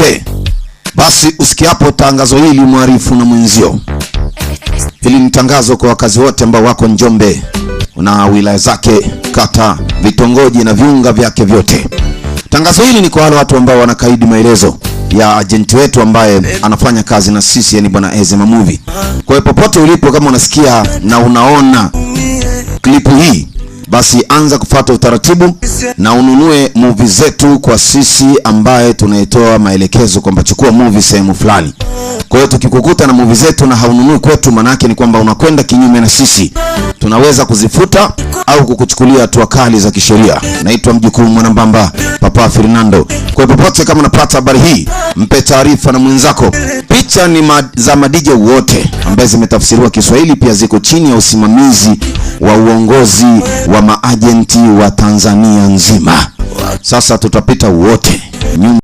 Okay, basi usikiapo tangazo hili mwarifu na mwenzio. Hili ni tangazo kwa wakazi wote ambao wako Njombe na wilaya zake, kata, vitongoji na viunga vyake vyote. Tangazo hili ni kwa wale watu ambao wanakaidi maelezo ya ajenti wetu ambaye anafanya kazi na sisi, yani bwana Ezema Movie. Kwa hiyo popote ulipo, kama unasikia na unaona klipu hii basi anza kufuata utaratibu na ununue movie zetu kwa sisi ambaye tunaitoa maelekezo kwamba chukua movie sehemu fulani. Kwa hiyo tukikukuta na movie zetu na haununui kwetu, manake ni kwamba unakwenda kinyume na sisi, tunaweza kuzifuta au kukuchukulia hatua kali za kisheria. Naitwa mjukuu mwanambamba Papa Fernando. Kwa popote kama unapata habari hii, mpe taarifa na mwenzako. Picha ni ma za madije wote ambaye zimetafsiriwa Kiswahili, pia ziko chini ya usimamizi wa uongozi wa maajenti wa Tanzania nzima. Sasa tutapita wote nyuma